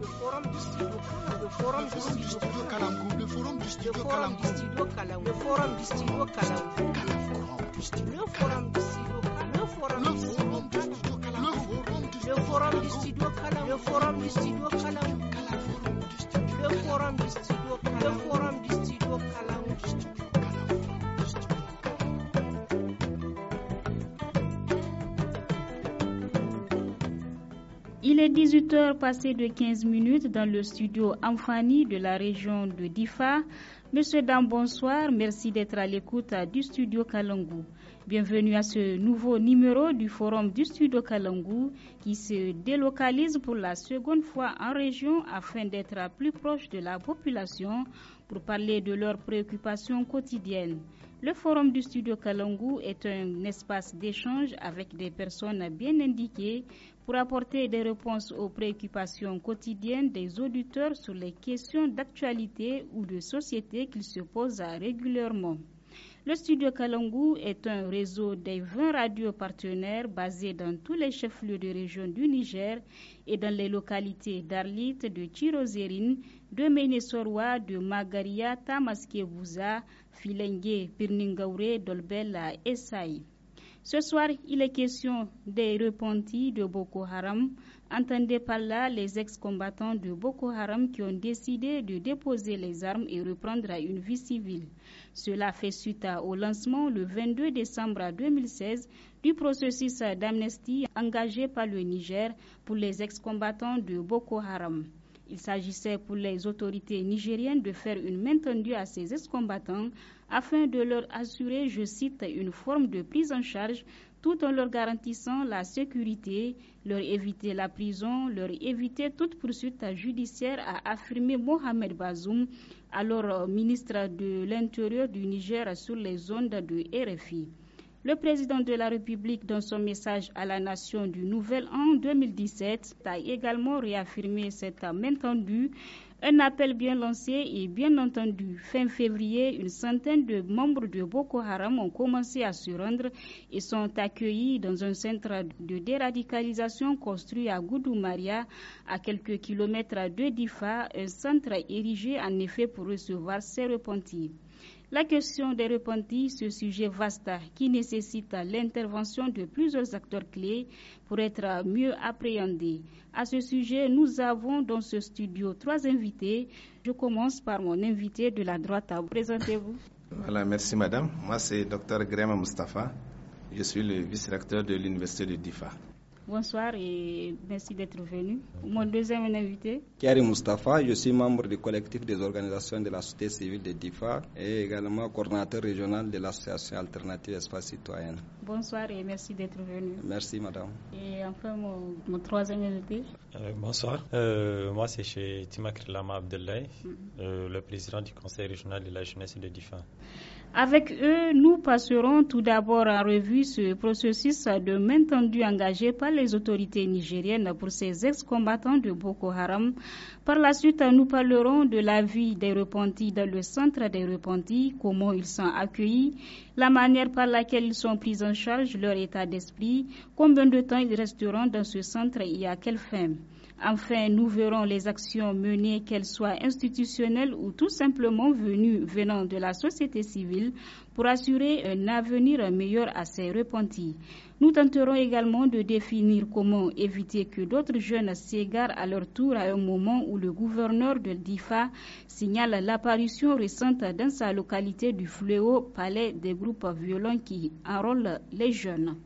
le forum du le forum du le forum du le forum du le forum le forum le forum le forum le forum forum est 18h passé de 15 minutes dans le studio Amfani de la région de Difa. Monsieur Dam, bonsoir. Merci d'être à l'écoute du studio Kalangou. Bienvenue à ce nouveau numéro du forum du studio Kalangou qui se délocalise pour la seconde fois en région afin d'être plus proche de la population pour parler de leurs préoccupations quotidiennes. Le forum du studio Kalangou est un espace d'échange avec des personnes bien indiquées pour apporter des réponses aux préoccupations quotidiennes des auditeurs sur les questions d'actualité ou de société qu'ils se posent régulièrement. Le studio Kalangu est un réseau des 20 radios partenaires basés dans tous les chefs-lieux de région du Niger et dans les localités d'Arlit, de Tirozérine, de Méni-Sorwa, de Magaria, Tamaskebouza, Filengue, Pirningaure, Dolbella et Saï. Ce soir, il est question des repentis de Boko Haram. Entendez par là les ex-combattants de Boko Haram qui ont décidé de déposer les armes et reprendre une vie civile. Cela fait suite au lancement le 22 décembre 2016 du processus d'amnistie engagé par le Niger pour les ex-combattants de Boko Haram. Il s'agissait pour les autorités nigériennes de faire une main tendue à ces ex-combattants afin de leur assurer, je cite, une forme de prise en charge tout en leur garantissant la sécurité, leur éviter la prison, leur éviter toute poursuite judiciaire, a affirmé Mohamed Bazoum, alors ministre de l'Intérieur du Niger sur les ondes de RFI. Le président de la République, dans son message à la nation du Nouvel An 2017, a également réaffirmé cet main Un appel bien lancé et bien entendu. Fin février, une centaine de membres de Boko Haram ont commencé à se rendre et sont accueillis dans un centre de déradicalisation construit à Goudoumaria, à quelques kilomètres de Difa, un centre érigé en effet pour recevoir ces repentis. La question des repentis, ce sujet vaste qui nécessite l'intervention de plusieurs acteurs clés pour être mieux appréhendé. À ce sujet, nous avons dans ce studio trois invités. Je commence par mon invité de la droite. Présentez-vous. Voilà, merci madame. Moi, c'est Dr Grema Mustafa. Je suis le vice-recteur de l'Université de Difa. Bonsoir et merci d'être venu. Mon deuxième invité. Kiari Mustafa, je suis membre du collectif des organisations de la société civile de DIFA et également coordinateur régional de l'association alternative Espace citoyenne. Bonsoir et merci d'être venu. Merci madame. Et enfin mon, troisième invité. Euh, bonsoir, euh, moi c'est chez Timakri Lama mm-hmm. euh, le président du conseil régional de la jeunesse de DIFA. Avec eux, nous passerons tout d'abord en revue ce processus de main tendue engagé par les autorités nigériennes pour ces ex-combattants de Boko Haram. Par la suite, nous parlerons de la vie des repentis dans le centre des repentis, comment ils sont accueillis, la manière par laquelle ils sont pris en charge, leur état d'esprit, combien de temps ils resteront dans ce centre et à quelle fin. Enfin, nous verrons les actions menées, qu'elles soient institutionnelles ou tout simplement venues venant de la société civile, pour assurer un avenir meilleur à ces repentis. Nous tenterons également de définir comment éviter que d'autres jeunes s'égarent à leur tour à un moment où le gouverneur de DIFA signale l'apparition récente dans sa localité du fléau palais des groupes violents qui enrôlent les jeunes.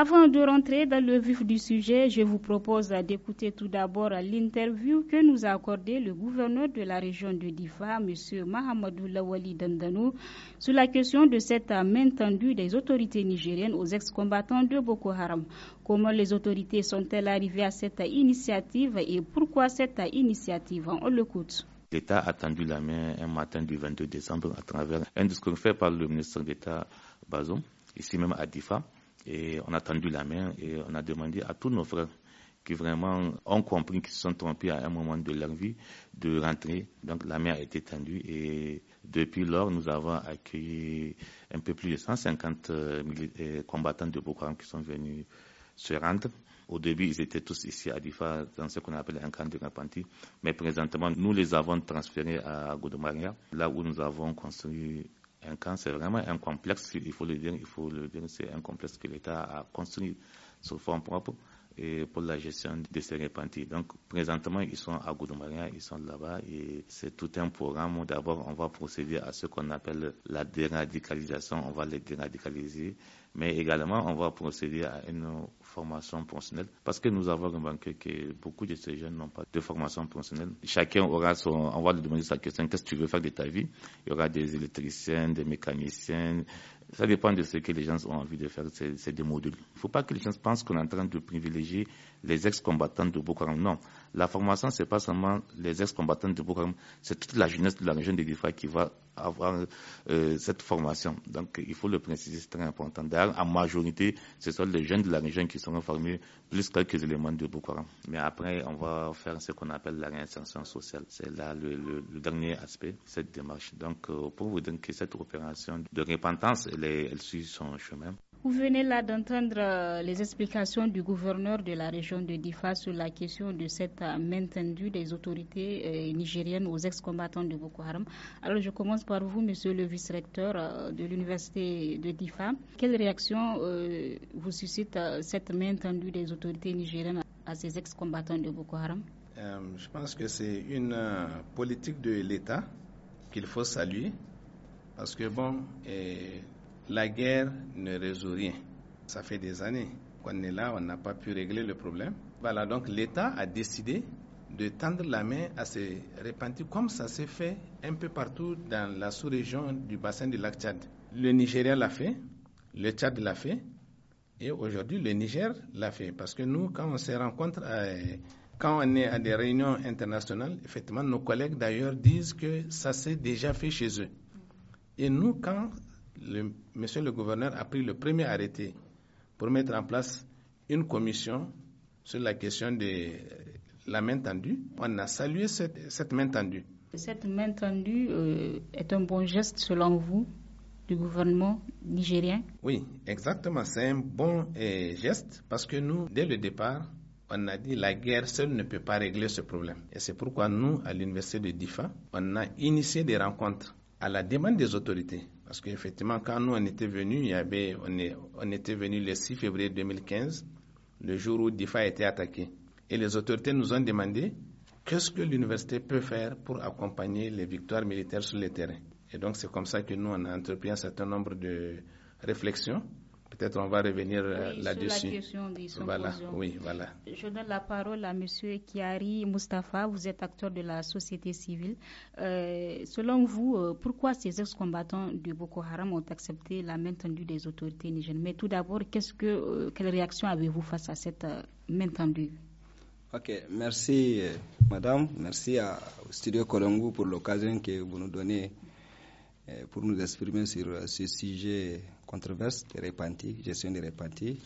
Avant de rentrer dans le vif du sujet, je vous propose d'écouter tout d'abord l'interview que nous a accordée le gouverneur de la région de Difa, M. Mahamadou Lawali Dandano, sur la question de cette main tendue des autorités nigériennes aux ex-combattants de Boko Haram. Comment les autorités sont-elles arrivées à cette initiative et pourquoi cette initiative On l'écoute. L'État a tendu la main un matin du 22 décembre à travers un discours fait par le ministre d'État Bazon, ici même à Difa et on a tendu la main et on a demandé à tous nos frères qui vraiment ont compris qu'ils se sont trompés à un moment de leur vie de rentrer. Donc la main a été tendue et depuis lors, nous avons accueilli un peu plus de 150 euh, euh, combattants de Boko Haram qui sont venus se rendre. Au début, ils étaient tous ici à Difa, dans ce qu'on appelle un camp de repenti. Mais présentement, nous les avons transférés à Godomaria, là où nous avons construit un c'est vraiment un complexe, il faut le dire, il faut le dire, c'est un complexe que l'État a construit sur forme propre et pour la gestion de ces répentis. Donc, présentement, ils sont à Goudoumaria, ils sont là-bas et c'est tout un programme. D'abord, on va procéder à ce qu'on appelle la déradicalisation. On va les déradicaliser, mais également, on va procéder à une formation professionnelle parce que nous avons remarqué que beaucoup de ces jeunes n'ont pas de formation professionnelle. Chacun aura son, on va lui demander sa question, qu'est-ce que tu veux faire de ta vie? Il y aura des électriciens, des mécaniciens, ça dépend de ce que les gens ont envie de faire, ces, des modules. Il ne faut pas que les gens pensent qu'on est en train de privilégier les ex-combattants de Boko Haram. Non, la formation, ce n'est pas seulement les ex-combattants de Haram, c'est toute la jeunesse de la région de Gifra qui va avoir euh, cette formation. Donc, il faut le préciser, c'est très important. D'ailleurs, en majorité, ce sont les jeunes de la région qui seront formés, plus quelques éléments de Boko Haram. Mais après, on va faire ce qu'on appelle la réinsertion sociale. C'est là le, dernier aspect de cette démarche. Donc, euh, pour vous donner que cette opération de repentance, elle suit son chemin. Vous venez là d'entendre euh, les explications du gouverneur de la région de Difa sur la question de cette euh, main tendue des autorités euh, nigériennes aux ex-combattants de Boko Haram. Alors je commence par vous, monsieur le vice-recteur de l'université de Difa. Quelle réaction vous suscite cette main tendue des autorités nigériennes à ces ex-combattants de Boko Haram Je pense que c'est une politique de l'État qu'il faut saluer parce que bon... La guerre ne résout rien. Ça fait des années qu'on est là, on n'a pas pu régler le problème. Voilà, donc l'État a décidé de tendre la main à ces répandus, comme ça s'est fait un peu partout dans la sous-région du bassin du lac Tchad. Le Nigeria l'a fait, le Tchad l'a fait, et aujourd'hui le Niger l'a fait. Parce que nous, quand on se rencontre, euh, quand on est à des réunions internationales, effectivement, nos collègues d'ailleurs disent que ça s'est déjà fait chez eux. Et nous, quand monsieur le gouverneur a pris le premier arrêté pour mettre en place une commission sur la question de la main tendue. On a salué cette, main tendue. Cette main tendue euh, est un bon geste selon vous du gouvernement nigérien Oui, exactement. C'est un bon euh, geste parce que nous, dès le départ, on a dit la guerre seule ne peut pas régler ce problème. Et c'est pourquoi nous, à l'université de Difa, on a initié des rencontres à la demande des autorités parce qu'effectivement, quand nous on était venus, il y avait, on, était venus le 6 février 2015, le jour où DIFA a été attaqué. Et les autorités nous ont demandé qu'est-ce que l'université peut faire pour accompagner les victoires militaires sur le terrain. Et donc c'est comme ça que nous, on a entrepris un certain nombre de réflexions Peut-être on va revenir euh, là-dessus. Voilà, Je donne la parole à Monsieur Kiari Mustafa. Vous êtes acteur de la société civile. Euh, selon vous, euh, pourquoi ces ex-combattants du Boko Haram ont accepté la main tendue des autorités nigériennes Mais tout d'abord, qu'est-ce que, quelle réaction avez-vous face à cette main tendue Ok, merci Madame, merci à, au Studio Colombo pour l'occasion que vous nous donnez euh, pour nous exprimer sur euh, ce sujet controverse des gestion des répentis.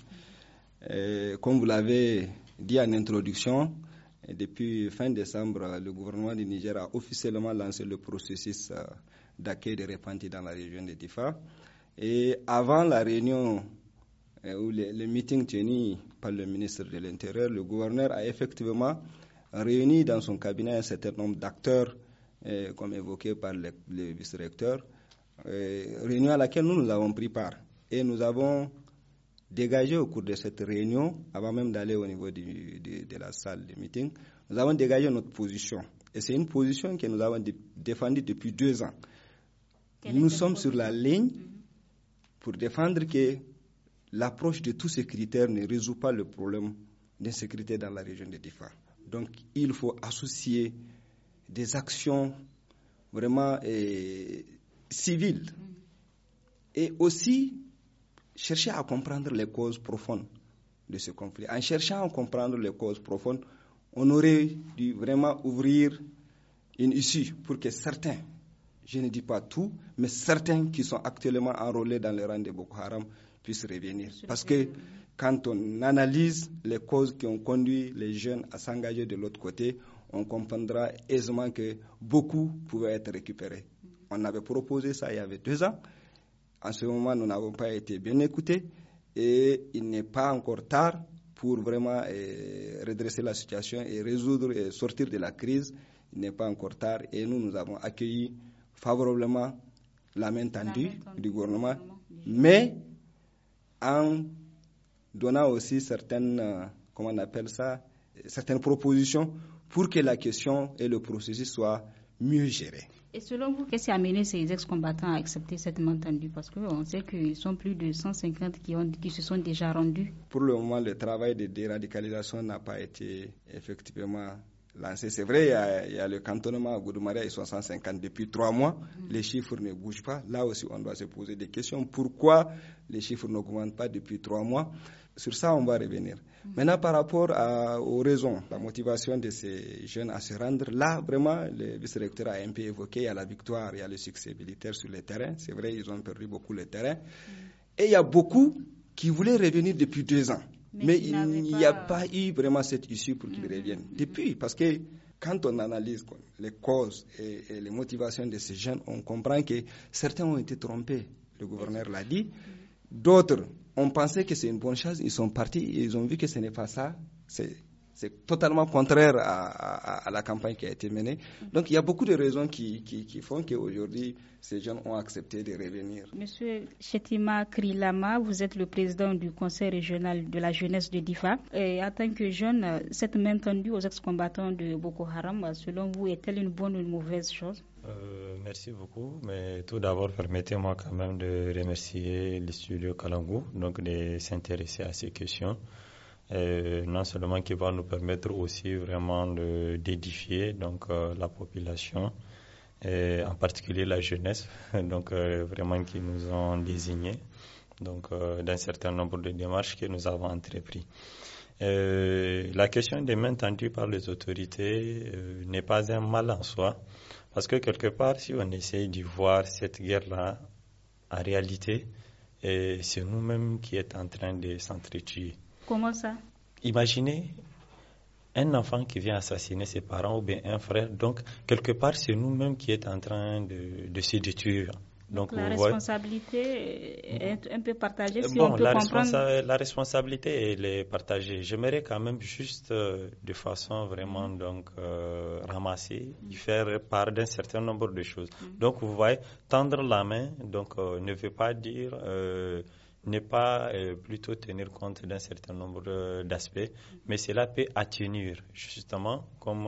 Euh, comme vous l'avez dit en introduction, depuis fin décembre, le gouvernement du Niger a officiellement lancé le processus d'accueil des répentis dans la région de Tifa. Et avant la réunion ou le, meeting tenu par le ministre de l'Intérieur, le gouverneur a effectivement réuni dans son cabinet un certain nombre d'acteurs, comme évoqué par le vice-recteur, euh, réunion à laquelle nous, nous avons pris part. Et nous avons dégagé au cours de cette réunion, avant même d'aller au niveau de, de, la salle de meeting, nous avons dégagé notre position. Et c'est une position que nous avons défendue depuis deux ans. nous sommes sur la ligne mhm. pour défendre que l'approche de tous ces critères ne résout pas le problème d'insécurité dans la région de Difa. Donc il faut associer des actions vraiment civile et aussi chercher à comprendre les causes profondes de ce conflit. En cherchant à comprendre les causes profondes, on aurait dû vraiment ouvrir une issue pour que certains, je ne dis pas tout, mais certains qui sont actuellement enrôlés dans le rang de Boko Haram puissent revenir. Parce que quand on analyse les causes qui ont conduit les jeunes à s'engager de l'autre côté, on comprendra aisément que beaucoup pouvaient être récupérés. On avait proposé ça il y avait deux ans. En ce moment, nous n'avons pas été bien écoutés et il n'est pas encore tard pour vraiment euh, redresser la situation et résoudre et sortir de la crise. Il n'est pas encore tard et nous, nous avons accueilli favorablement la main tendue du gouvernement, mais en donnant aussi certaines, euh, comment on appelle ça, euh, certaines propositions pour que la question et le processus soient mieux gérés. Et selon vous, qu'est-ce qui a amené ces ex-combattants à accepter cette main tendue Parce qu'on sait qu'ils sont plus de 150 qui, qui se sont déjà rendus. Pour le moment, le travail de déradicalisation n'a pas été effectivement lancé. C'est vrai, il y, a, le cantonnement à Goudoumaria, ils sont 150 depuis trois mois. Mm-hmm. Les chiffres ne bougent pas. Là aussi, on doit se poser des questions. Pourquoi les chiffres n'augmentent pas depuis trois mois sur ça, on va revenir. Mhm. Maintenant, par rapport aux raisons, la motivation de ces jeunes à se rendre, là, vraiment, le vice-recteur a un peu évoqué, il y a la victoire, il y a le succès militaire sur le terrain. C'est vrai, ils ont perdu beaucoup le terrain. Mhm. Et il y a beaucoup qui voulaient revenir depuis deux ans. Mais, il n'y a pas... eu vraiment cette issue pour qu'ils mhm. reviennent. Depuis, parce que quand on analyse les causes et, les motivations de ces jeunes, on comprend que certains ont été trompés. Le gouverneur l'a dit. D'autres on pensait que c'est une bonne chose, ils sont partis, et ils ont vu que ce n'est pas ça. C'est totalement contraire à, la campagne qui a été menée. Donc il y a beaucoup de raisons qui, qui, qui font qu'aujourd'hui, ces jeunes ont accepté de revenir. Monsieur Chetima Krilama, vous êtes le président du Conseil régional de la jeunesse de Difa. Et en tant que jeune, cette main tendue aux ex-combattants de Boko Haram, selon vous, est-elle une bonne ou une mauvaise chose euh, merci beaucoup. Mais tout d'abord, permettez-moi quand même de remercier le studio Kalangu donc de s'intéresser à ces questions. Euh, non seulement qui va nous permettre aussi vraiment d'édifier donc euh, la population et en particulier la jeunesse donc vraiment qui nous ont désigné donc d'un certain nombre de démarches que nous avons entreprises. la question des mains tendues par les autorités n'est pas un mal en soi, parce que quelque part, si on essaie de voir cette guerre-là, en réalité, c'est nous-mêmes qui est en train de s'entretuer. Comment ça Imaginez un enfant qui vient assassiner ses parents ou bien un frère. Donc, quelque part, c'est nous-mêmes qui est en train de, de se détruire. Donc, la responsabilité est un peu partagée. Si on peut la, comprendre... la responsabilité est partagée. J'aimerais quand même juste euh, de façon vraiment mhm. donc euh, ramassée, mhm. faire part d'un certain nombre de choses. Mhm. Donc vous voyez, tendre la main, donc euh, ne veut pas dire euh, ne pas plutôt tenir compte d'un certain nombre d'aspects, mais cela peut atténuer justement comme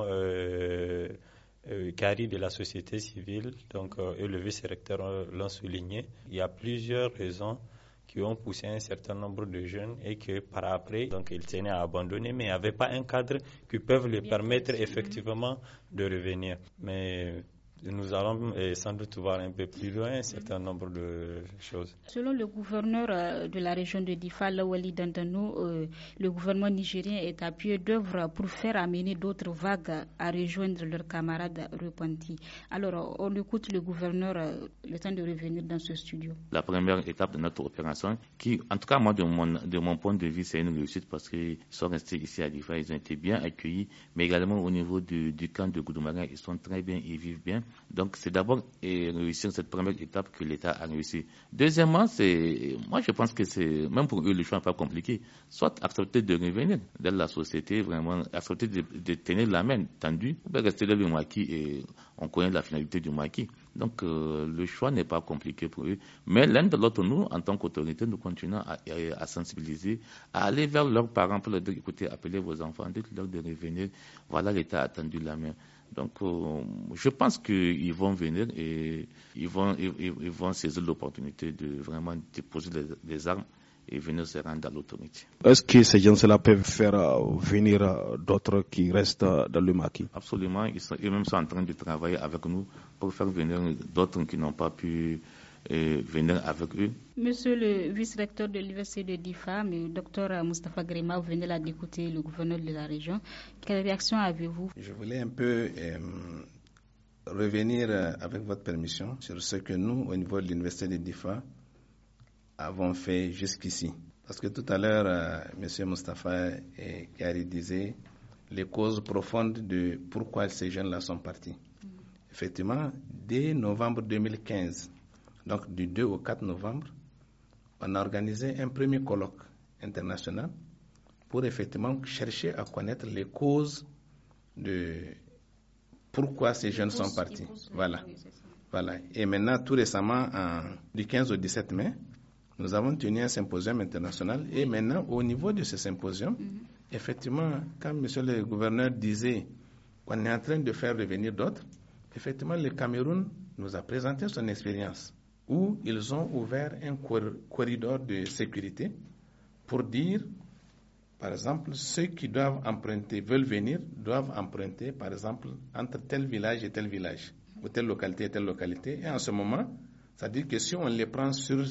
euh, de la société civile, donc euh, et le vice-recteur euh, l'ont souligné. Il y a plusieurs raisons qui ont poussé un certain nombre de jeunes et que par après, donc ils tenaient à abandonner, mais n'avaient pas un cadre qui peuvent leur permettre effectivement de revenir. Mais nous allons sans doute voir un peu plus loin un certain nombre de choses. Selon le gouverneur euh, de la région de Difa, Lawali Dandano, euh, le gouvernement nigérien est à pied d'œuvre pour faire amener d'autres vagues à rejoindre leurs camarades repentis. Alors, on écoute le gouverneur euh, le temps de revenir dans ce studio. La première étape de notre opération, qui, en tout cas, moi, de mon, point de vue, c'est une réussite parce qu'ils sont restés ici à Difa, ils ont été bien accueillis, mais également au niveau du, camp de Goudoumara, ils sont très bien, ils vivent bien. Donc, c'est d'abord euh, réussir cette première étape que l'État a réussi. Deuxièmement, c'est, moi, je pense que c'est, même pour eux, le choix n'est pas compliqué. Soit accepter de revenir dans la société, vraiment, accepter de, de tenir la main tendue, ou rester dans le maquis et on connaît la finalité du maquis. Donc, euh, le choix n'est pas compliqué pour eux. Mais l'un de l'autre, nous, en tant qu'autorité, nous continuons à, à, sensibiliser, à aller vers leurs parents pour leur dire, écoutez, appelez vos enfants, dites-leur de revenir. Voilà, l'État a tendu la main. Donc, euh, je pense qu'ils vont venir et ils vont, ils, vont saisir l'opportunité de vraiment déposer les, armes et venir se rendre à l'autorité. Est-ce que ces gens-là peuvent faire euh, venir euh, d'autres qui restent dans le maquis Absolument. Ils sont, eux sont en train de travailler avec nous pour faire venir d'autres qui n'ont pas pu et venir avec eux. Monsieur le vice-recteur de l'université de Difa, le docteur Mustafa Grima, vous venez là d'écouter le gouverneur de la région. Quelle réaction avez-vous Je voulais un peu euh, revenir, euh, avec votre permission, sur ce que nous, au niveau de l'université de DIFA, avons fait jusqu'ici. Parce que tout à l'heure, euh, M. Monsieur Mustafa et disait les causes profondes de pourquoi ces jeunes-là sont partis. Mm. Effectivement, dès novembre 2015, donc du 2 au 4 novembre, on a organisé un premier colloque international pour effectivement chercher à connaître les causes de pourquoi ces jeunes sont partis. Voilà. voilà. Et maintenant, tout récemment, du 15 au 17 mai, nous avons tenu un symposium international. Et maintenant, au niveau de ce symposium, mm-hmm. effectivement, quand M. le gouverneur disait qu'on est en train de faire revenir d'autres, effectivement, le Cameroun nous a présenté son expérience où ils ont ouvert un corridor de sécurité pour dire, par exemple, ceux qui doivent emprunter, veulent venir, doivent emprunter, par exemple, entre tel village et tel village, ou telle localité et telle localité. Et en ce moment, ça dit que si on les prend sur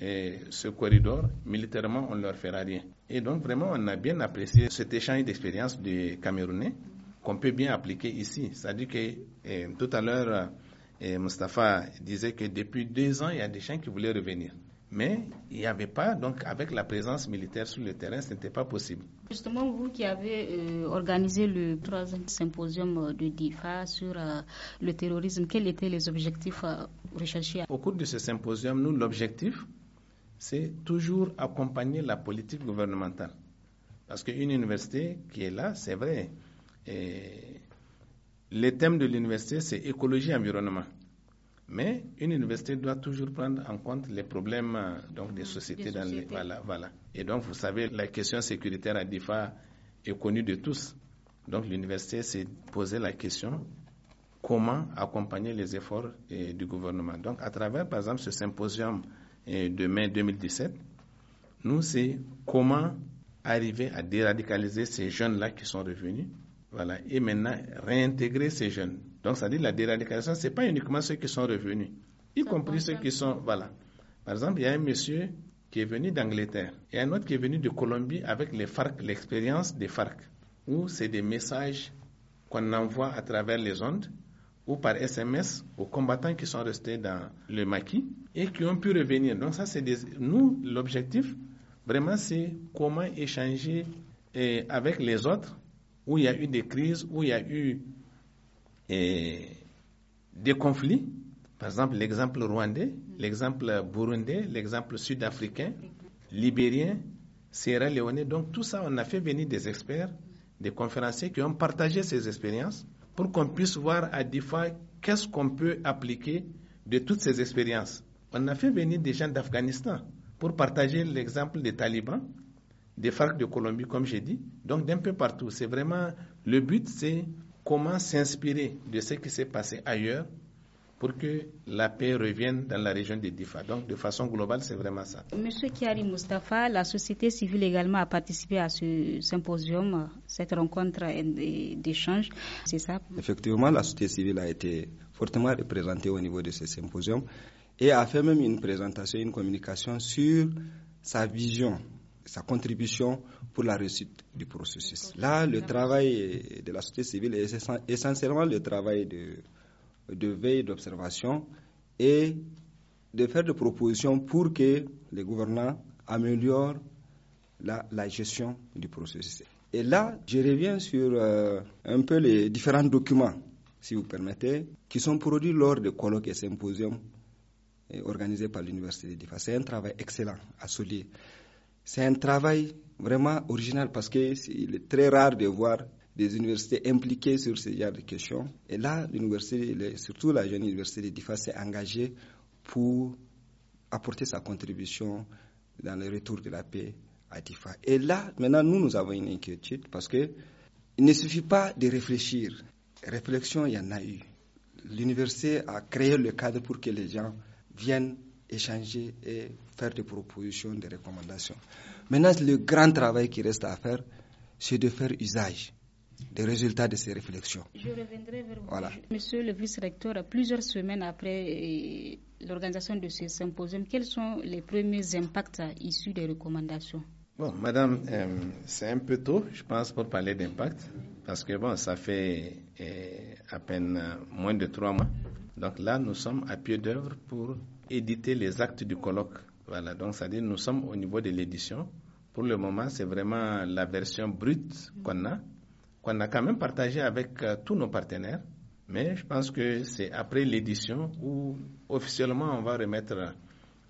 eh, ce corridor, militairement, on ne leur fera rien. Et donc, vraiment, on a bien apprécié cet échange d'expérience des Camerounais qu'on peut bien appliquer ici. Ça dit que eh, tout à l'heure, et Mustapha disait que depuis deux ans, il y a des gens qui voulaient revenir. Mais il n'y avait pas, donc avec la présence militaire sur le terrain, ce n'était pas possible. Justement, vous qui avez euh, organisé le troisième symposium euh, de DIFA sur euh, le terrorisme, quels étaient les objectifs recherchés Au cours de ce symposium, nous, l'objectif, c'est toujours accompagner la politique gouvernementale. Parce qu'une université qui est là, c'est vrai, et le thème de l'université, c'est écologie et environnement. Mais une université doit toujours prendre en compte les problèmes euh, donc, des sociétés. Dans les, voilà, Et donc, vous savez, la question sécuritaire à DIFA est connue de tous. Donc, l'université s'est posé la question comment accompagner les efforts eh, du gouvernement. Donc, à travers, par exemple, ce symposium eh, de mai 2017, nous, c'est comment arriver à déradicaliser ces jeunes-là qui sont revenus voilà. Et maintenant, réintégrer ces jeunes. Donc, ça dit la déradicalisation, ce n'est pas uniquement ceux qui sont revenus, y compris ceux qui sont. Voilà. Par exemple, il y a un monsieur qui est venu d'Angleterre et un autre qui est venu de Colombie avec les FARC, l'expérience des FARC, où c'est des messages qu'on envoie à travers les ondes ou par SMS aux combattants qui sont restés dans le maquis et qui ont pu revenir. Donc ça, c'est des... nous, l'objectif, vraiment, c'est comment échanger eh, avec les autres où il y a eu des crises, où il y a eu eh, des conflits. Par exemple, l'exemple rwandais, l'exemple burundais, l'exemple sud-africain, libérien, Sierra Leone. Donc tout ça, on a fait venir des experts, des conférenciers qui ont partagé ces expériences pour qu'on puisse voir à fois qu'est-ce qu'on peut appliquer de toutes ces expériences. On a fait venir des gens d'Afghanistan pour partager l'exemple des talibans des FARC de Colombie, comme j'ai dit, donc d'un peu partout. C'est vraiment le but, c'est comment s'inspirer de ce qui s'est passé ailleurs pour que la paix revienne dans la région des DIFA. Donc, de façon globale, c'est vraiment ça. Monsieur Kiari Mustafa, la société civile également a participé à ce symposium, cette rencontre d'échange, c'est ça Effectivement, la société civile a été fortement représentée au niveau de ce symposium et a fait même une présentation, une communication sur sa vision sa contribution pour la réussite du processus. Là, le travail de la société civile est essentiellement le travail de, de veille, d'observation et de faire des propositions pour que les gouvernants améliorent la, gestion du processus. Et là, je reviens sur euh, un peu les différents documents, si vous permettez, qui sont produits lors de colloques et symposiums organisés par l'Université d'IFA. C'est un travail excellent à souligner. C'est un travail vraiment original parce qu'il est très rare de voir des universités impliquées sur ces genre de questions. Et là, l'université, surtout la jeune université de DIFA, s'est engagée pour apporter sa contribution dans le retour de la paix à DIFA. Et là, maintenant, nous, nous avons une inquiétude parce que il ne suffit pas de réfléchir. Réflexion, il y en a eu. L'université a créé le cadre pour que les gens viennent échanger et faire des propositions, des recommandations. Maintenant, le grand travail qui reste à faire, c'est de faire usage des résultats de ces réflexions. Je reviendrai vers vous. Voilà. Monsieur le vice-recteur, plusieurs semaines après euh, l'organisation de ce symposium, quels sont les premiers impacts issus des recommandations Bon, madame, euh, c'est un peu tôt, je pense, pour parler d'impact, parce que bon, ça fait euh, à peine moins de trois mois. Donc là, nous sommes à pied d'œuvre pour éditer les actes du colloque. Voilà, donc ça dit, nous sommes au niveau de l'édition. Pour le moment, c'est vraiment la version brute qu'on a, qu'on a quand même partagé avec euh, tous nos partenaires. Mais je pense que c'est après l'édition où officiellement on va remettre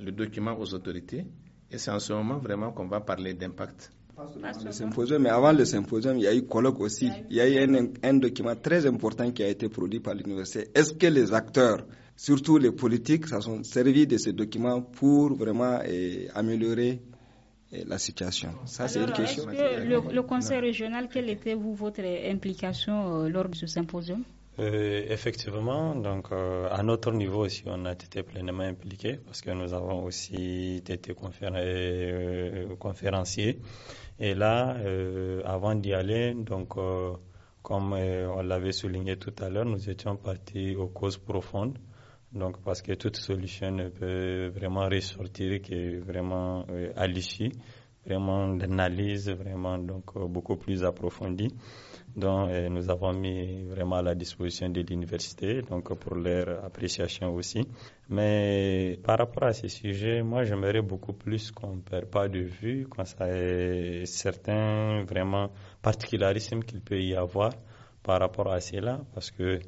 le document aux autorités. Et c'est en ce moment vraiment qu'on va parler d'impact. Le symposium, mais avant le symposium, il y a eu colloque aussi. Il y a eu un, un document très important qui a été produit par l'université. Est-ce que les acteurs surtout les politiques, ça sont servis de ces documents pour vraiment eh, améliorer eh, la situation. Ça, c'est une question. le, Conseil régional, quelle était vous, votre implication euh, lors de ce symposium euh, effectivement, donc euh, à notre niveau aussi, on a été pleinement impliqué parce que nous avons aussi été euh, conférenciers. Et là, avant d'y aller, donc comme on l'avait souligné tout à l'heure, nous étions partis aux causes profondes donc, parce que toute solution ne peut vraiment ressortir que vraiment euh, l'issue, vraiment d'analyse, vraiment donc euh, beaucoup plus approfondie. Donc, euh, nous avons mis vraiment à la disposition de l'université, donc pour leur appréciation aussi. Mais par rapport à ces sujets, moi, j'aimerais beaucoup plus qu'on ne perd pas de vue, ça est certains vraiment particularismes qu'il peut y avoir par rapport à cela, parce que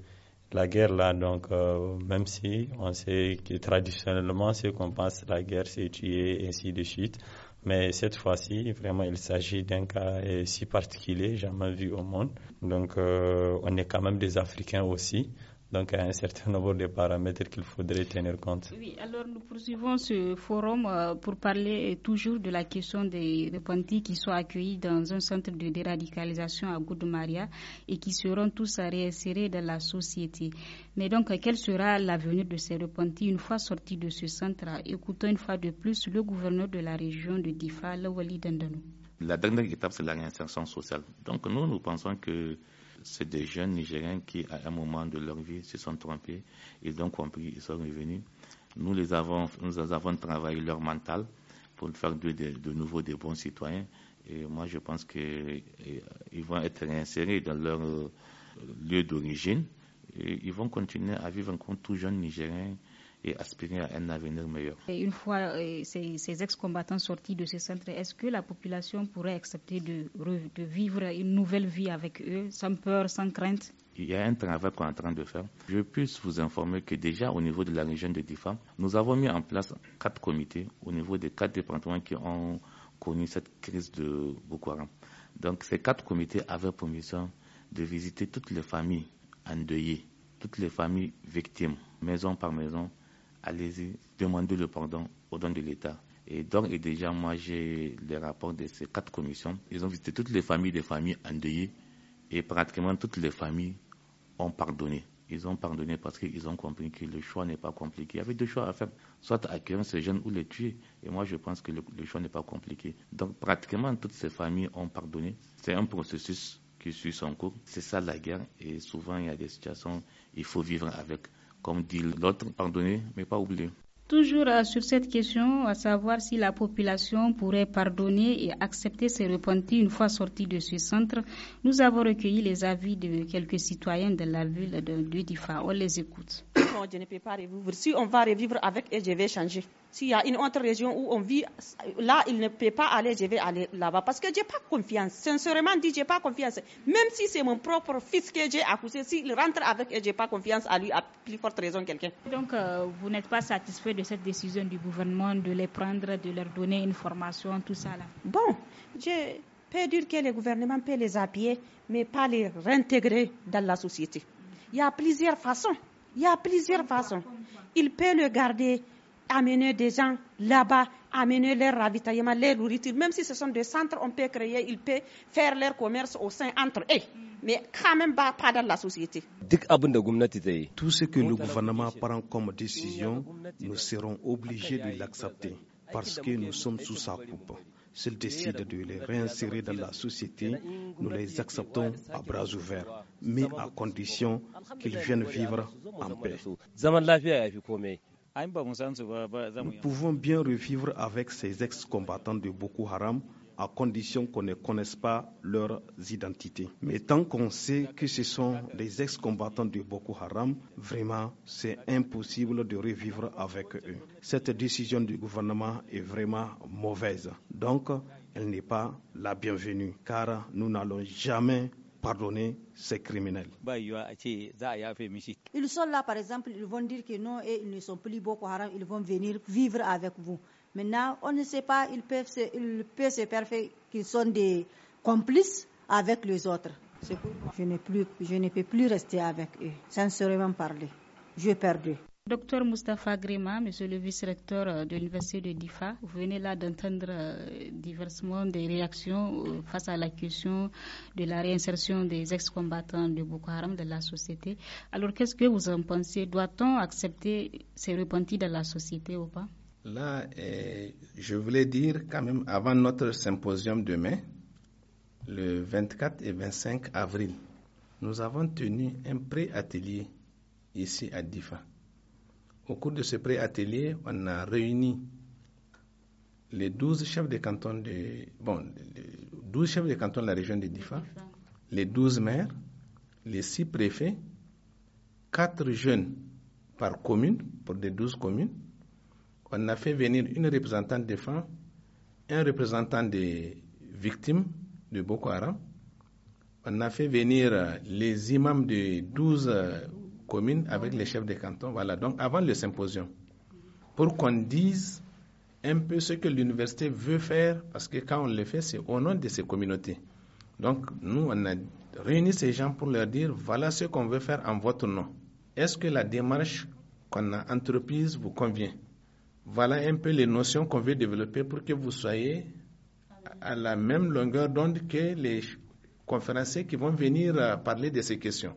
la guerre, là, donc, euh, même si on sait que traditionnellement, ce qu'on pense la guerre, c'est tuer, et ainsi de suite. Mais cette fois-ci, vraiment, il s'agit d'un cas euh, si particulier, jamais vu au monde. Donc, euh, on est quand même des Africains aussi. Donc, il y a un certain nombre de paramètres qu'il faudrait tenir compte. Oui, alors nous poursuivons ce forum euh, pour parler toujours de la question des repentis qui sont accueillis dans un centre de déradicalisation à Goudemaria et qui seront tous réinsérés dans la société. Mais donc, quelle sera l'avenir de ces repentis une fois sortis de ce centre Écoutons une fois de plus le gouverneur de la région de Difa, Lawali Dandanou. La dernière étape, c'est la réinsertion sociale. Donc, nous, nous pensons que c'est des jeunes Nigériens qui, à un moment de leur vie, se sont trompés. Ils ont compris, ils sont revenus. Nous, les avons, nous avons travaillé leur mental pour faire de, de, nouveau des bons citoyens. Et moi, je pense qu'ils euh, vont être réinsérés dans leur euh, lieu d'origine. Et ils vont continuer à vivre comme tout jeune Nigérien et aspirer à un avenir meilleur. Et une fois euh, ces, ex-combattants sortis de ces centres, est-ce que la population pourrait accepter de, vivre une nouvelle vie avec eux, sans peur, sans crainte il y a un travail qu'on est en train de faire. Je puisse vous informer que déjà au niveau de la région de Difa, nous avons mis en place quatre comités au niveau des quatre départements qui ont connu cette crise de Boko Haram. Donc ces quatre comités avaient pour mission de visiter toutes les familles endeuillées, toutes les familles victimes, maison par maison, allez-y, demandez le pardon au don de l'État. Et donc, et déjà, moi, j'ai les rapports de ces quatre commissions. Ils ont visité toutes les familles des familles endeuillées et pratiquement toutes les familles ont pardonné. Ils ont pardonné parce qu'ils ont compris que le choix n'est pas compliqué. Il y avait deux choix à faire, soit accueillir ces jeunes ou les tuer. Et moi, je pense que le, le choix n'est pas compliqué. Donc, pratiquement toutes ces familles ont pardonné. C'est un processus qui suit son cours. C'est ça la guerre. Et souvent, il y a des situations, il faut vivre avec comme dit l'autre, pardonner, mais pas oublier. Toujours euh, sur cette question, à savoir si la population pourrait pardonner et accepter ses repentis une fois sortie de ce centre, nous avons recueilli les avis de quelques citoyens de la ville de, Dufa. On les écoute. je ne peux pas revivre. Si on va revivre avec je vais changer. S'il y a une autre région où on vit, là, il ne peut pas aller, je vais aller là-bas. Parce que je n'ai pas confiance. Sincèrement dit, je n'ai pas confiance. Même si c'est mon propre fils que j'ai accouché, s'il rentre avec et je n'ai pas confiance à lui, à plus forte raison quelqu'un. Donc, euh, vous n'êtes pas satisfait de cette décision du gouvernement de les prendre, de leur donner une formation, tout ça là Bon, je peux dire que le gouvernement peut les appuyer, mais pas les réintégrer dans la société. Il y a plusieurs façons. Il y a plusieurs façons. Il peut le garder amener des gens là-bas, amener leur ravitaillement, leur nourriture. Même si ce sont des centres, on peut créer, ils peuvent faire leur commerce au sein entre eux. Mais quand même pas, dans la société. Tout ce que le gouvernement prend comme décision, nous serons obligés de l'accepter parce que nous sommes sous sa coupe. S'il décide de les réinsérer dans la société, nous les acceptons à bras ouverts, mais à condition qu'ils viennent vivre en paix. Nous pouvons bien revivre avec ces ex-combattants de Boko Haram à condition qu'on ne connaisse pas leurs identités. Mais tant qu'on sait que ce sont des ex-combattants de Boko Haram, vraiment, c'est impossible de revivre avec eux. Cette décision du gouvernement est vraiment mauvaise. Donc, elle n'est pas la bienvenue, car nous n'allons jamais pardonner ces criminels. Ils sont là, par exemple, ils vont dire que non, et ils ne sont plus Boko Haram, ils vont venir vivre avec vous. Maintenant, on ne sait pas, ils peuvent se, ils peuvent qu'ils sont des complices avec les autres. Je ne, plus, je peux plus rester avec eux, sans seulement parler. Je perdu. Docteur Moustapha Grima, monsieur le vice-recteur euh, de l'Université de DIFA, vous venez là d'entendre euh, diversement des réactions euh, face à la question de la réinsertion des ex-combattants de Boko Haram dans la société. Alors, qu'est-ce que vous en pensez Doit-on accepter ces repentis dans la société ou pas Là, je voulais dire quand même avant notre symposium demain, le 24 et 25 avril, nous avons tenu un pré-atelier ici à DIFA au cours de ce pré-atelier, on a réuni les 12 chefs de canton de, bon, chefs de canton de la région de Difa, les 12 maires, les 6 préfets, 4 jeunes par commune, pour des 12 communes. On a fait venir une représentante des femmes, un représentant des victimes de Boko Haram. On a fait venir les imams de 12 communes avec les chefs des cantons. Voilà, donc avant le symposium, pour qu'on dise un peu ce que l'université veut faire, parce que quand on le fait, c'est au nom de ces communautés. Donc, nous, on a réuni ces gens pour leur dire, voilà ce qu'on veut faire en votre nom. Est-ce que la démarche qu'on a entreprise vous convient Voilà un peu les notions qu'on veut développer pour que vous soyez à la même longueur d'onde que les conférenciers qui vont venir euh, parler de ces questions.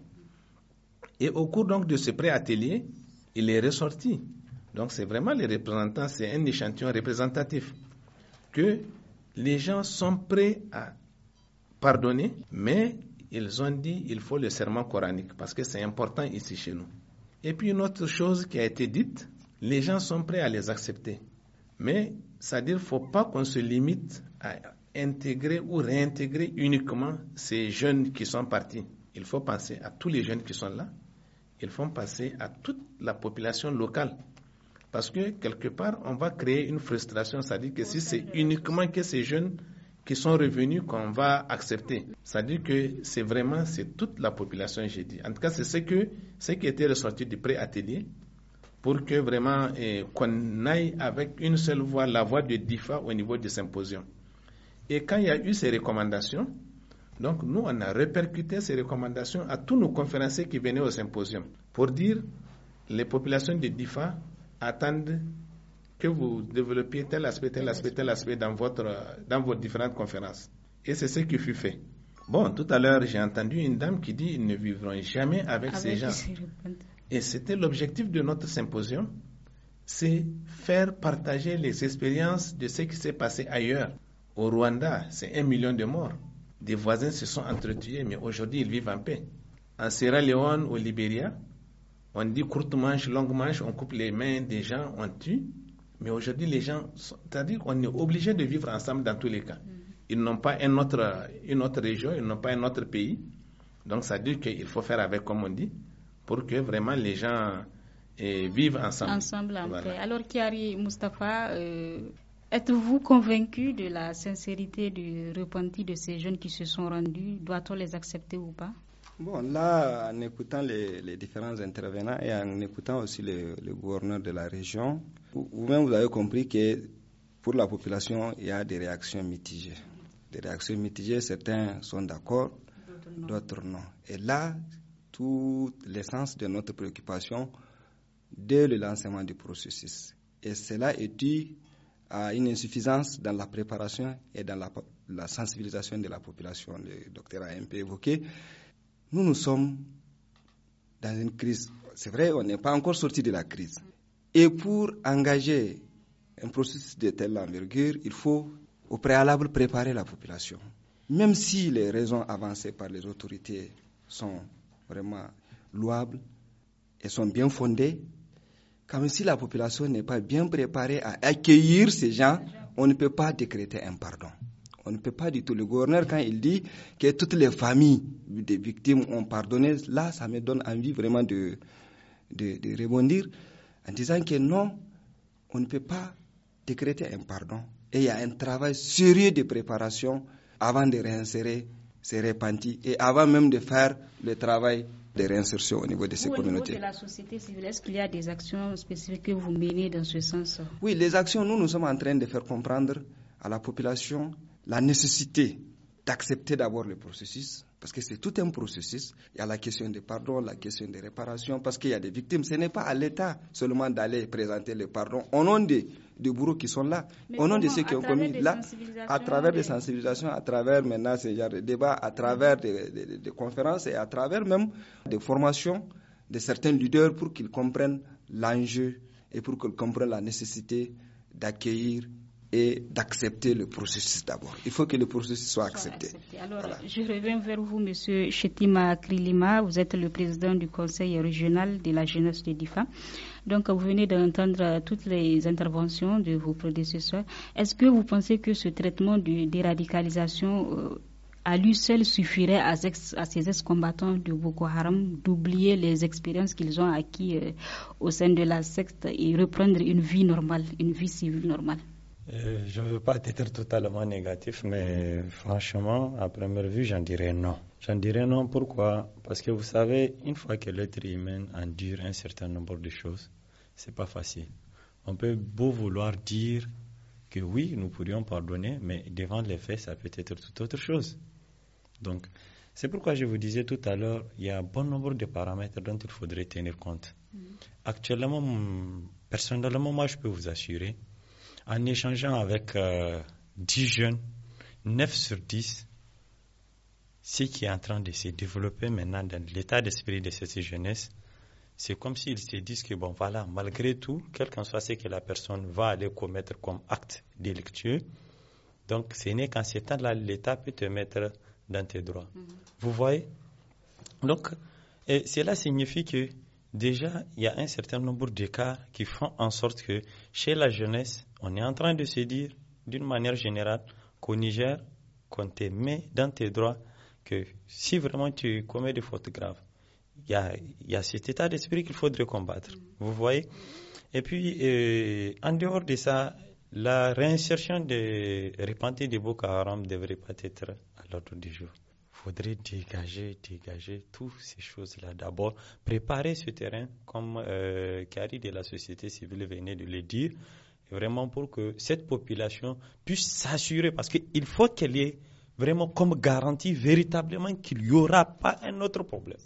Et au cours donc de ce pré-atelier, il est ressorti. Donc c'est vraiment les représentants, c'est un échantillon représentatif que les gens sont prêts à pardonner, mais ils ont dit il faut le serment coranique parce que c'est important ici chez nous. Et puis une autre chose qui a été dite, les gens sont prêts à les accepter. Mais c'est-à-dire faut pas qu'on se limite à intégrer ou réintégrer uniquement ces jeunes qui sont partis. Il faut penser à tous les jeunes qui sont là, ils font passer à toute la population locale. Parce que quelque part, on va créer une frustration. C'est-à-dire que si c'est uniquement que ces jeunes qui sont revenus qu'on va accepter. C'est-à-dire que c'est vraiment c'est toute la population, j'ai dit. En tout cas, c'est ce, que, ce qui était ressorti du pré-atelier pour que vraiment eh, qu'on aille avec une seule voix, la voix de DIFA au niveau des symposium. Et quand il y a eu ces recommandations, donc nous, on a répercuté ces recommandations à tous nos conférenciers qui venaient au symposium pour dire les populations de DIFA attendent que vous développiez tel aspect, tel aspect, tel aspect dans, votre, dans vos différentes conférences. Et c'est ce qui fut fait. Bon, tout à l'heure, j'ai entendu une dame qui dit ils ne vivront jamais avec, avec ces gens. Et c'était l'objectif de notre symposium, c'est faire partager les expériences de ce qui s'est passé ailleurs. Au Rwanda, c'est un million de morts des voisins se sont entretués, mais aujourd'hui, ils vivent en paix. En Sierra Leone, au Libéria, on dit courte manche, longue manche, on coupe les mains des gens, on tue. Mais aujourd'hui, les gens, c'est-à-dire qu'on est obligé de vivre ensemble dans tous les cas. Mm-hmm. Ils n'ont pas un autre, une autre région, ils n'ont pas un autre pays. Donc, ça dit qu'il faut faire avec, comme on dit, pour que vraiment les gens eh, vivent ensemble. Ensemble en paix. Alors, Kiari Mustafa, euh, Êtes-vous convaincu de la sincérité du repenti de ces jeunes qui se sont rendus Doit-on les accepter ou pas Bon, là, en écoutant les, différents intervenants et en écoutant aussi le, gouverneur de la région, vous-même, vous avez compris que pour la population, il y a des réactions mitigées. Des réactions mitigées, certains sont d'accord, d'autres non. non. Et là, tout l'essence de notre préoccupation dès le lancement du processus. Et cela est dû à une insuffisance dans la préparation et dans la, sensibilisation de la population. Le docteur a peu évoqué. Nous, nous sommes dans une crise. C'est vrai, on n'est pas encore sorti de la crise. Et pour engager un processus de telle envergure, il faut au préalable préparer la population. Même si les raisons avancées par les autorités sont vraiment louables et sont bien fondées, comme si la population n'est pas bien préparée à accueillir ces gens, on ne peut pas décréter un pardon. On ne peut pas du tout. Le gouverneur, quand il dit que toutes les familles des victimes ont pardonné, là, ça me donne envie vraiment de, de, de rebondir en disant que non, on ne peut pas décréter un pardon. Et il y a un travail sérieux de préparation avant de réinsérer ces repentis et avant même de faire le travail de réinsertion au niveau de ces communautés. la société civile, est-ce qu'il y a des actions spécifiques que vous menez dans ce sens Oui, les actions, nous, nous sommes en train de faire comprendre à la population la nécessité d'accepter d'abord le processus, parce que c'est tout un processus. Il y a la question des pardons, la question des réparations, parce qu'il y a des victimes. Ce n'est pas à l'État seulement d'aller présenter le pardon On en des de bourreaux qui sont là. Au nom de ceux qui ont commis là, à travers des sensibilisations, à travers maintenant ces genre de débats, à travers des, conférences et à travers même des formations de certains leaders pour qu'ils comprennent l'enjeu et pour qu'ils comprennent la nécessité d'accueillir et d'accepter le processus d'abord. Il faut que le processus soit accepté. Alors, je reviens vers vous, Monsieur Chetima Krilima. Vous êtes le président du Conseil régional de la jeunesse de DIFA. Donc, vous venez d'entendre toutes les interventions de vos prédécesseurs. Est-ce que vous pensez que ce traitement de déradicalisation euh, à lui seul suffirait à, ces ex-combattants de Boko Haram d'oublier les expériences qu'ils ont acquises euh, au sein de la secte et reprendre une vie normale, une vie civile normale euh, Je ne veux pas être totalement négatif, mais franchement, à première vue, j'en dirais non. J'en dirais non. Pourquoi Parce que vous savez, une fois que l'être humain endure un certain nombre de choses, c'est pas facile. On peut beau vouloir dire que oui, nous pourrions pardonner, mais devant les faits, ça peut être toute autre chose. Donc, c'est pourquoi je vous disais tout à l'heure, il y a un bon nombre de paramètres dont il faudrait tenir compte. Mm. Actuellement, personnellement, moi, je peux vous assurer, en échangeant avec 10 euh, jeunes, 9 sur 10 ce qui est en train de se développer maintenant dans l'état d'esprit de cette jeunesse, c'est comme s'ils se disent que, bon, voilà, malgré tout, quel qu'en soit ce que la personne va aller commettre comme acte délictueux, donc ce n'est qu'en ce temps-là, l'État peut te mettre dans tes droits. Mm-hmm. Vous voyez Donc, et cela signifie que déjà, il y a un certain nombre de cas qui font en sorte que chez la jeunesse, on est en train de se dire, d'une manière générale, qu'au Niger, qu'on te met dans tes droits, que si vraiment tu commets des fautes graves, il y a, cet état d'esprit qu'il faudrait combattre. Vous voyez Et puis, euh, en dehors de ça, la réinsertion de repentir de Boko Haram devrait pas être à l'ordre du jour. Il faudrait dégager, dégager toutes ces choses-là. D'abord, préparer ce terrain, comme euh, de la société civile venait de le dire, vraiment pour que cette population puisse s'assurer, parce qu'il faut qu'elle ait vraiment comme garantie véritablement qu'il n'y aura pas un autre problème.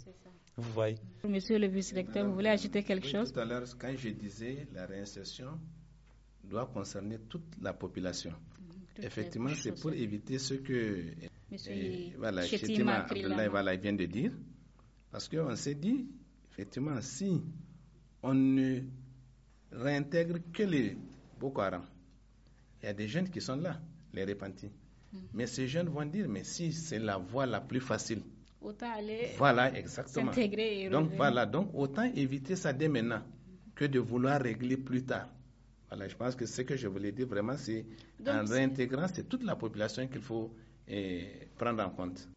Vous voyez. Monsieur le vice-recteur, vous voulez ajouter quelque chose Tout à l'heure, quand je disais la réinsertion doit concerner toute la population. Mm, effectivement, c'est pour éviter ce que Monsieur eh, voilà, Chetima il vient de dire. Parce qu'on s'est dit, effectivement, si on ne réintègre que les Boko Haram, il y a des jeunes qui sont là, les repentis. Mm. Mais ces jeunes vont dire, mais si c'est la voie la plus facile, autant aller voilà, exactement. Et donc voilà, donc autant éviter ça dès maintenant que de vouloir régler plus tard. Voilà, je pense que ce que je voulais dire vraiment, c'est en réintégrant, c'est toute la population qu'il faut eh, prendre en compte.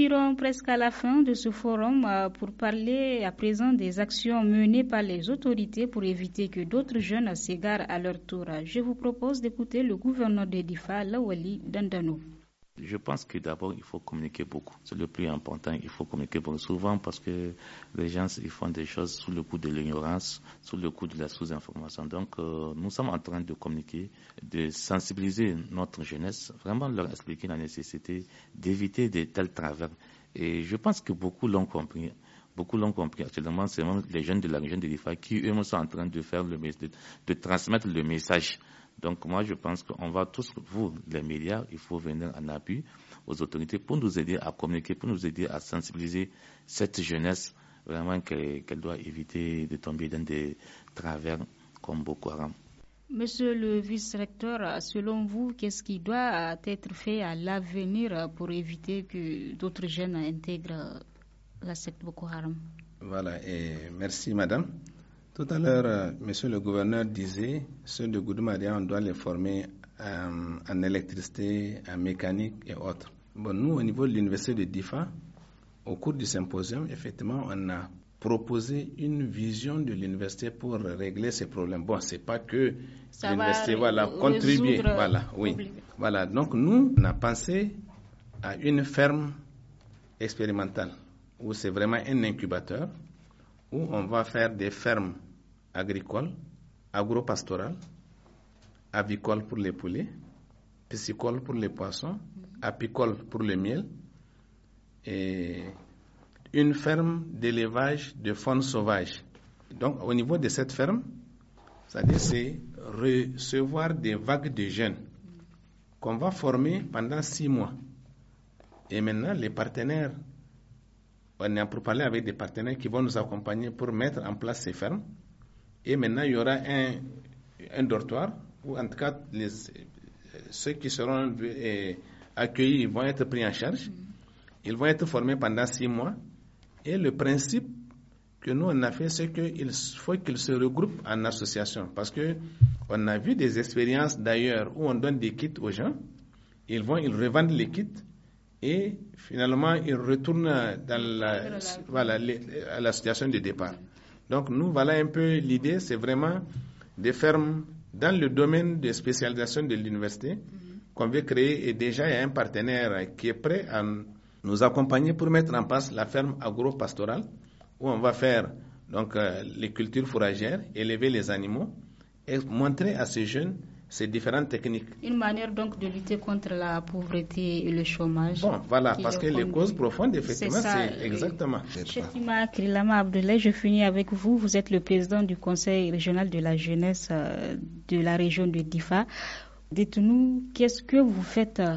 Nous tirons presque à la fin de ce forum euh, pour parler à présent des actions menées par les autorités pour éviter que d'autres jeunes s'égarent à leur tour. Je vous propose d'écouter le gouverneur de Lawali Dandano. Je pense que d'abord, il faut communiquer beaucoup. C'est le plus important. Il faut communiquer beaucoup. Souvent, parce que les gens ils font des choses sous le coup de l'ignorance, sous le coup de la sous-information. Donc, euh, nous sommes en train de communiquer, de sensibiliser notre jeunesse, vraiment leur expliquer la nécessité d'éviter de tels travers. Et je pense que beaucoup l'ont compris beaucoup l'ont compris. Actuellement, c'est même les jeunes de la région de l'IFA qui, eux, sont en train de faire le de transmettre le message donc moi, je pense qu'on va tous, vous, les médias, il faut venir en appui aux autorités pour nous aider à communiquer, pour nous aider à sensibiliser cette jeunesse vraiment qu'elle doit éviter de tomber dans des travers comme Boko Haram. Monsieur le vice-recteur, selon vous, qu'est-ce qui doit être fait à l'avenir pour éviter que d'autres jeunes intègrent la secte Boko Haram Voilà, et merci madame. Tout à l'heure, euh, monsieur le gouverneur disait, ceux de Goudoumadia, on doit les former euh, en électricité, en mécanique et autres. Bon, nous, au niveau de l'université de DIFA, au cours du symposium, effectivement, on a proposé une vision de l'université pour régler ces problèmes. Bon, c'est pas que l'université voilà contribuer, voilà, oui, voilà. Donc nous, on a pensé à une ferme expérimentale où c'est vraiment un incubateur où on va faire des fermes agricole, agro avicole pour les poulets, piscicole pour les poissons, apicole pour le miel, et une ferme d'élevage de faune sauvage. Donc, au niveau de cette ferme, cest dire recevoir des vagues de jeunes qu'on va former pendant six mois. Et maintenant, les partenaires, on est en pour parler avec des partenaires qui vont nous accompagner pour mettre en place ces fermes. Et maintenant, il y aura un, un dortoir où, en tout cas, les, ceux qui seront eh, accueillis vont être pris en charge. Mm-hmm. Ils vont être formés pendant six mois. Et le principe que nous, on a fait, c'est qu'il faut qu'ils se regroupent en association. Parce que on a vu des expériences d'ailleurs où on donne des kits aux gens. Ils vont, ils revendent les kits. Et finalement, ils retournent dans à la situation de départ. Mm-hmm. Donc nous, voilà un peu l'idée, c'est vraiment des fermes dans le domaine de spécialisation de l'université mhm. qu'on veut créer et déjà il y a un partenaire qui est prêt à nous accompagner pour mettre en place la ferme agro-pastorale où on va faire donc euh, les cultures fourragères, élever les animaux et montrer à ces jeunes ces différentes techniques. Une manière donc de lutter contre la pauvreté et le chômage. Bon, voilà, parce que les causes profondes, effectivement, c'est exactement. Chetima je finis avec vous. Vous êtes le président du Conseil régional de la jeunesse euh, de la région de Difa. Dites-nous, qu'est-ce que vous faites euh,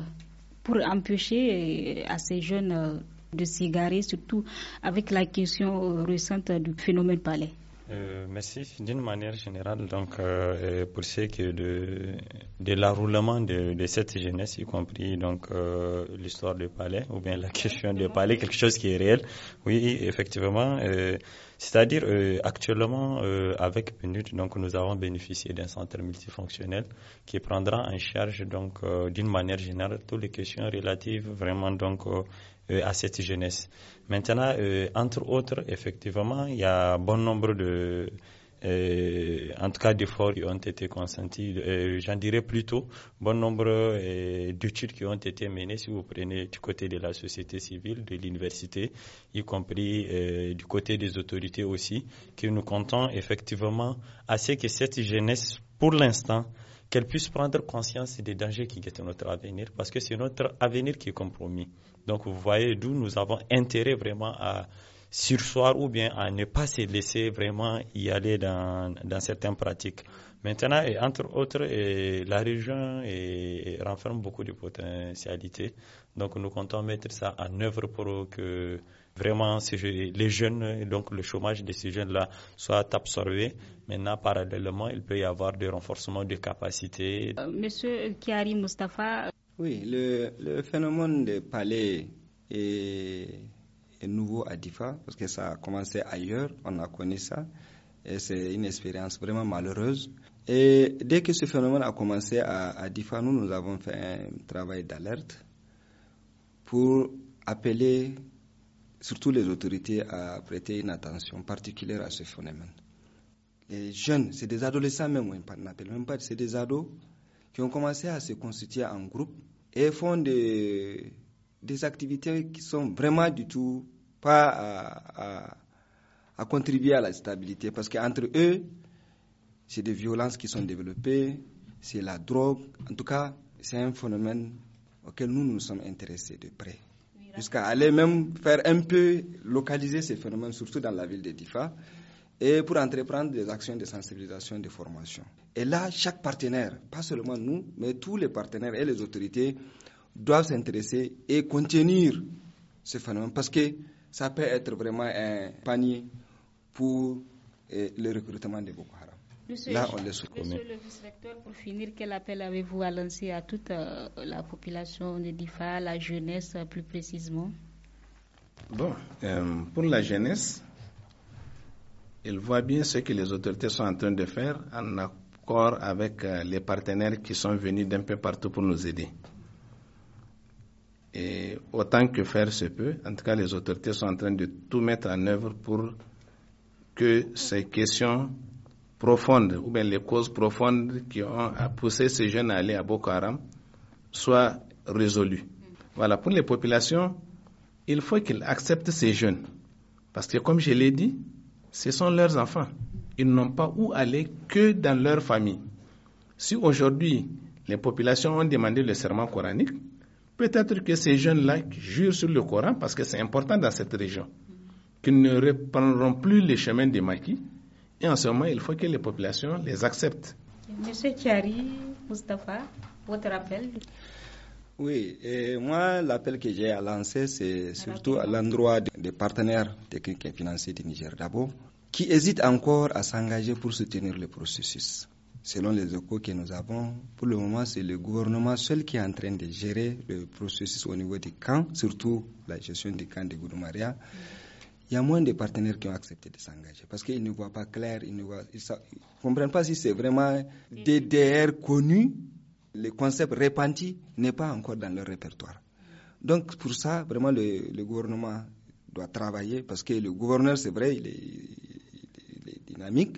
pour empêcher euh, à ces jeunes de s'égarer, surtout avec la question récente du phénomène palais euh, merci. D'une manière générale, donc, euh, euh pour ce qui est de, de l'enroulement de, de, cette jeunesse, y compris donc euh, l'histoire du palais ou bien la question du palais, quelque chose qui est réel. Oui, effectivement. Euh, c'est-à-dire euh, actuellement avec PNUD, donc nous avons bénéficié d'un centre multifonctionnel qui prendra en charge donc d'une manière générale toutes les questions relatives vraiment donc euh, à cette jeunesse. Maintenant, euh, entre autres, effectivement, il y a bon nombre de euh, en tout cas d'efforts qui ont été consentis. J'en dirais plutôt bon nombre d'études qui ont été menées, si vous prenez du côté de la société civile, de l'université, y compris du côté des autorités aussi, que nous comptons effectivement à ce que cette jeunesse, pour l'instant, qu'elle puisse prendre conscience des dangers qui guettent notre avenir, parce que c'est notre avenir qui est compromis. Donc vous voyez d'où nous avons intérêt vraiment à sursoir ou bien à ne pas se laisser vraiment y aller dans, dans certaines pratiques. Maintenant, et entre autres, et la région renferme beaucoup de potentialités. Donc nous comptons mettre ça en œuvre pour que vraiment les jeunes, donc le chômage de ces jeunes-là soit absorbé. Maintenant, parallèlement, il peut y avoir des renforcements de capacités. Euh, monsieur Kiari Mustafa. Euh, oui, le, phénomène de palais est, nouveau à DIFA parce que ça a commencé ailleurs, on a connu ça. Et c'est une expérience vraiment malheureuse. Et dès que ce phénomène a commencé à, à DIFA, nous, nous avons fait un travail d'alerte pour appeler surtout les autorités, à prêter une attention particulière à ce phénomène. Les jeunes, c'est des adolescents même, on n'appelle même pas, c'est des ados qui ont commencé à se constituer en groupe et font des, activités qui sont vraiment du tout pas à, à contribuer à la stabilité parce qu'entre eux, c'est des violences qui sont développées, c'est la drogue. En tout cas, c'est un phénomène auquel nous nous sommes intéressés de près jusqu'à aller même faire un peu localiser ces phénomènes, surtout dans la ville de Difa, et pour entreprendre des actions de sensibilisation et de formation. Et là, chaque partenaire, pas seulement nous, mais tous les partenaires et les autorités doivent s'intéresser et contenir ce phénomène parce que ça peut être vraiment un panier pour eh, le recrutement des Boko Monsieur, le vice-recteur, pour finir, quel appel avez-vous à lancer à toute euh, la population de DIFA, la jeunesse euh, plus précisément Bon, euh, pour la jeunesse, il voit bien ce que les autorités sont en train de faire en accord avec les partenaires qui sont venus d'un peu partout pour nous aider. Et autant que faire se peut, en tout cas, les autorités sont en train de tout mettre en œuvre pour que ces questions profondes, ou bien les causes profondes qui ont poussé ces jeunes à aller à Boko Haram soient résolues. Voilà, pour les populations, il faut qu'ils acceptent ces jeunes. Parce que, comme je l'ai dit, ce sont leurs enfants. Ils n'ont pas où aller que dans leur famille. Si aujourd'hui, les populations ont demandé le serment coranique, peut-être que ces jeunes-là jurent sur le Coran parce que c'est important dans cette région, qu'ils ne reprendront plus les chemins des maquis, et en ce moment, il faut que les populations les acceptent. Monsieur Thierry Mustafa, votre appel oui, moi, l'appel que j'ai à lancer, c'est surtout à l'endroit des partenaires techniques et financiers du Niger d'abord, qui hésitent encore à s'engager pour soutenir le processus. Selon les échos que nous avons, pour le moment, c'est le gouvernement seul qui est en train de gérer le processus au niveau des camps, surtout la gestion des camps de Goudumaria il y a moins de partenaires qui ont accepté de s'engager parce qu'ils ne voient pas clair, ils ne comprennent pas si c'est vraiment DDR connu, le concept répandu n'est pas encore dans leur répertoire. Donc pour ça, vraiment, le, gouvernement doit travailler parce que le gouverneur, c'est vrai, il est, dynamique,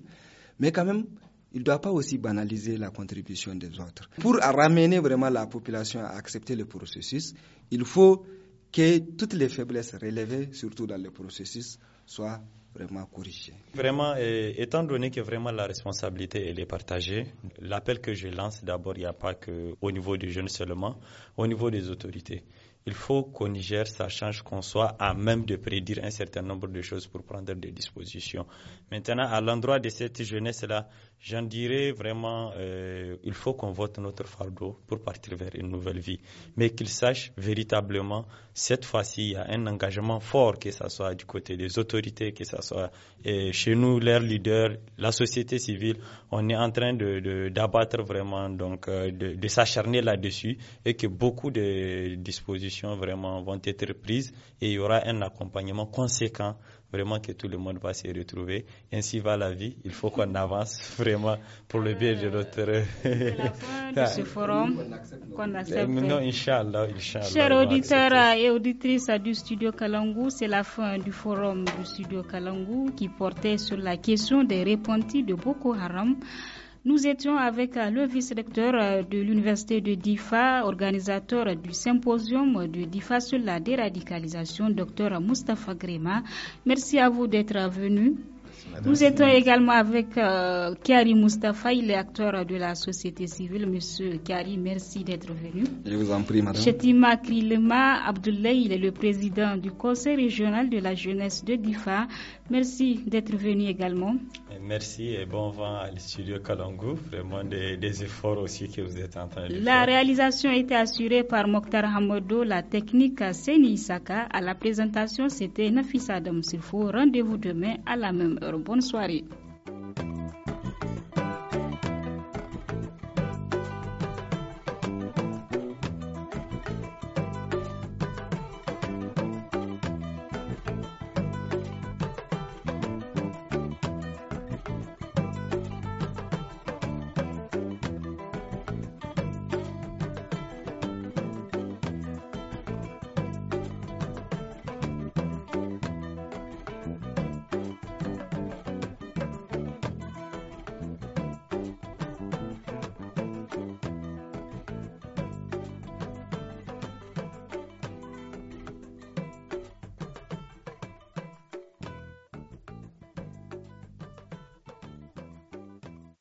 mais quand même, il ne doit pas aussi banaliser la contribution des autres. Pour ramener vraiment la population à accepter le processus, il faut que toutes les faiblesses relevées, surtout dans le processus, soient vraiment corrigées. Vraiment, euh, étant donné que vraiment la responsabilité elle est partagée, l'appel que je lance d'abord, il n'y a pas que au niveau des jeunes seulement, au niveau des autorités. Il faut qu'on Niger, ça change, qu'on soit à même de prédire un certain nombre de choses pour prendre des dispositions. Maintenant, à l'endroit de cette jeunesse-là, J'en dirais vraiment, euh, il faut qu'on vote notre fardeau pour partir vers une nouvelle vie. Mais qu'ils sachent véritablement, cette fois-ci, il y a un engagement fort, que ce soit du côté des autorités, que ce soit euh, chez nous, leurs leaders, la société civile. On est en train de, d'abattre vraiment, donc euh, de, de s'acharner là-dessus et que beaucoup de dispositions vraiment vont être prises et il y aura un accompagnement conséquent vraiment que tout le monde va s'y retrouver. Ainsi va la vie. Il faut qu'on avance vraiment pour le bien de notre. Euh, la fin de ah. ce forum qu'on euh, accepte. Chers auditeurs et auditrices du studio Kalangou, c'est la fin du forum du studio Kalangou qui portait sur la question des repentis de Boko Haram. Nous étions avec euh, le vice-recteur euh, de l'université de DIFA, organisateur du symposium de DIFA sur la déradicalisation, docteur Moustapha Grema. Merci à vous d'être venu. Nous étions également avec euh, Kari il est acteur de la société civile. Monsieur Kari, merci d'être venu. Je vous en prie, madame. Chetima Krilema Abdoulaye, il est le président du conseil régional de la jeunesse de DIFA. Merci d'être venu également. Merci et bon vent à l'Studio Kalangou. Vraiment des, efforts aussi que vous êtes en train de faire. La réalisation a été assurée par Mokhtar Hamodo, la technique à Seni Isaka. À la présentation, c'était Nafisa Adam Rendez-vous demain à la même heure. Bonne soirée.